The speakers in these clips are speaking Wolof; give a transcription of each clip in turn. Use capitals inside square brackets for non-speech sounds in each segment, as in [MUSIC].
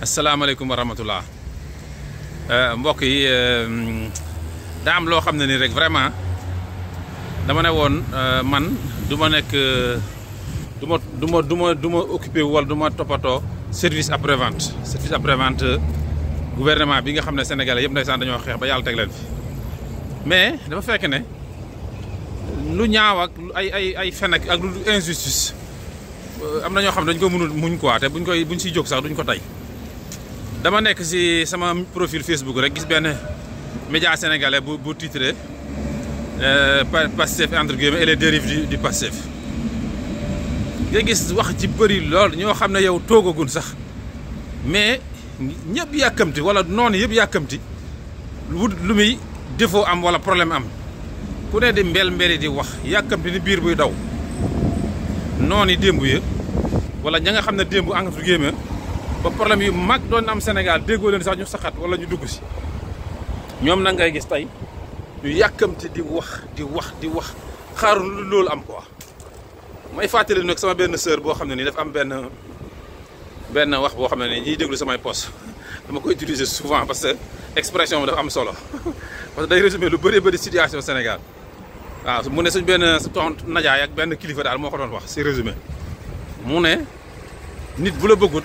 asalaamaaleykum wa rahmatullah euh, mbokk yi euh, daa am loo xam ne ni rek vraiment dama ne woon euh, man du ma nekk du ma du ma du ma du ma occupé wala du ma toppatoo service après vente service après vente gouvernement bi nga xam ne sénégalais yëpp sax dañoo xeex ba yàlla teg leen mais dafa fekk ne lu ñaaw ak ay ay ay fen ak lu injustice am na ñoo xam ne dañ ko mënul muñ quoi te buñ koy buñ siy jóg sax duñ ko tey dama nek ci sama profil Facebook rek gis ben média sénégalais bu bu titré euh, Pastef entre guillemets et les dérives du du passif nga gis wax ci bëri lool ño xamné ne yow toogagul sax mais ñëpp yakamti wala non yëpp yakamti lu muy défaut am wala problème am ku ne di mbel mbeli di wax yakamti ni bir buy daw noonu dembu ya wala ña nga xamné dembu démb entre guillemets ba problème yu mag doon am Sénégal dégo leen sax ñu saxat wala ñu dugg ci ñom na ngay gis tay ñu yakamti di wax di wax di wax xaarul lool am quoi may fàttali nak sama benn sœur bo xamné ni dafa am benn benn wax bo xamné ne nii ñiy déglu samay post [LAUGHS] dama koy utiliser souvent parce que expression dafa am solo [LAUGHS] parce que day résumer lu bëri bëri situation Sénégal wa mu né suñu benn tontu najaay ak benn kilifa daal moko don wax ci résumé mu né nit bu la bëggut.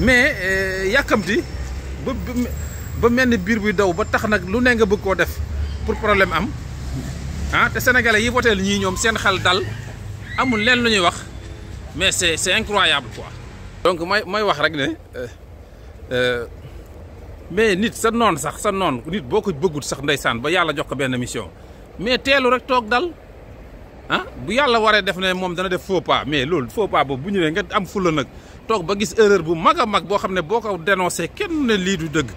mais euh, yàkkamti ba ba mel ni biir buy daw ba tax nag lu ne nga bëgg koo def pour problème am ah te sénégalais yi voteel ñii ñoom seen xel dal amul leen lu ñuy wax mais c'est c'est incroyable quoi. donc may may wax rek ne euh, euh, mais nit sa noon sax sa noon nit boo ko bëggut sax ndeysaan ba yàlla jox ko benn mission mais teelu rek toog dal ah bu yàlla waree def ne moom dana def faux pas mais loolu faux pas boobu bu ñëwee nga am fulla nag. toog ba gis erreur bu mag a mag boo xam ne boo ko dénoncé kenn ne lii du dëgg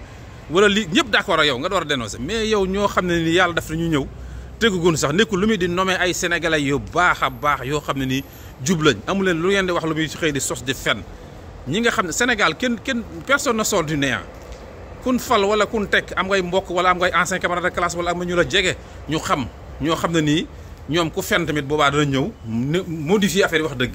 wala lii ñëpp d'accord ak yow nga door a dénoncé mais yow ñoo xam ne ni yàlla daf ñu ñëw tegugun sax nekkul lu muy di nommé ay sénégalais yu baax a baax yoo xam ne nii jub amu leen lu ngeen di wax lu muy xëy di sos di fen ñi nga xam ne Sénégal kenn kenn personne ne sort du néant kun fal wala kun teg am ngay mbokk wala am ngay ancien camarade de classe wala am ñu la jege ñu xam ñoo xam ne nii ñoom ku fen tamit boobaa dana ñëw modifier affaire yi wax dëgg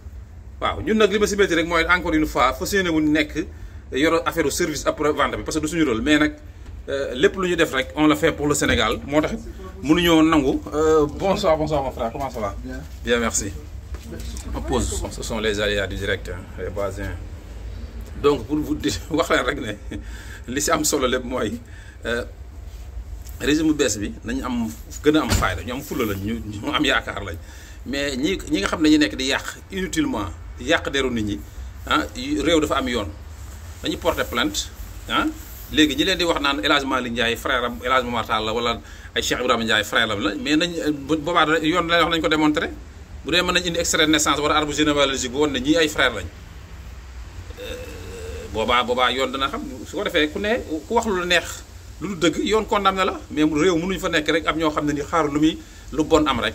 waaw ñun nag li ma si métti rek mooy encore une fois fas yéene nek yoro yor affaire service après vente parce que du suñu rôle mais nak euh, lépp lu ñu def rek on l'a fait pour le Sénégal moo tax mënuñoo nangu. Euh, bonsoir bonsoir mon frère comment ça va. bien bien merci. on pose ce sont les aléas du direct hein, les voisins donc pour vous dire [LAUGHS] wax la rek né li ci am solo lepp moy euh régime bess bi nañu am gëna am fayda ñu am fulla lañ ñu am yaakaar lañ mais ñi ñi nga xam nañu nek di yàq inutilement. yàq deru nit ñi ah réew dafa am yoon dañu porter plainte ah léegi ñi leen di wax naan El Hadj Malick Ndiaye frère am El Hadj Momar Tall la wala ay Cheikh Ibrahima Ndiaye frère am la mais nañ boobaa yoon la wax nañu ko démontrer bu dee mën nañu indi extrait de naissance wala arbre généalogique bu woon ne ñii ay frère lañ euh, boobaa boobaa yoon dana xam su ko defee ku ne ku wax lu la neex lu du dëgg yoon kon condamné la mais réew mënuñu fa nekk rek am ñoo xam ne ni xaar lu muy lu bon am rek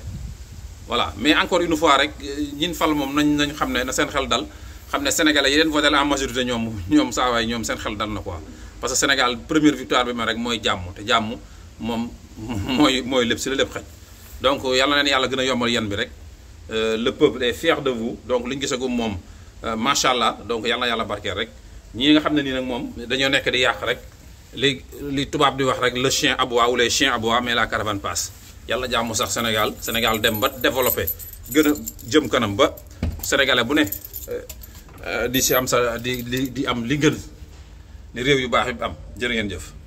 voilà mais encore une fois rek ñin fal moom nañ nañ xam ne na seen xel dal xam ne sénégalais yi leen voté en majorité ñoom ñoom saa waay ñoom seen xel dal na quoi parce que Sénégal première victoire bi ma rek mooy jàmm te jàmm moom [LAUGHS] mooy mooy lépp si la lépp xaj donc yàlla neen yàlla gën a yombal yan bi rek euh, le peuple est fier de vous donc li ñu gisagum moom euh, macha allah donc yàlla na yàlla barkeel rek ñi nga xam ne nii nag moom dañoo nekk di yàq rek li li tubaab di wax rek le chien aboie ou les chiens aboient mais la caravane passe yalla jamu sax senegal senegal dem ba développer gëna jëm kanam ba sénégalais bu ne euh, euh, di ci am sa di di am li gën ni réew yu baax yi am jërë jëf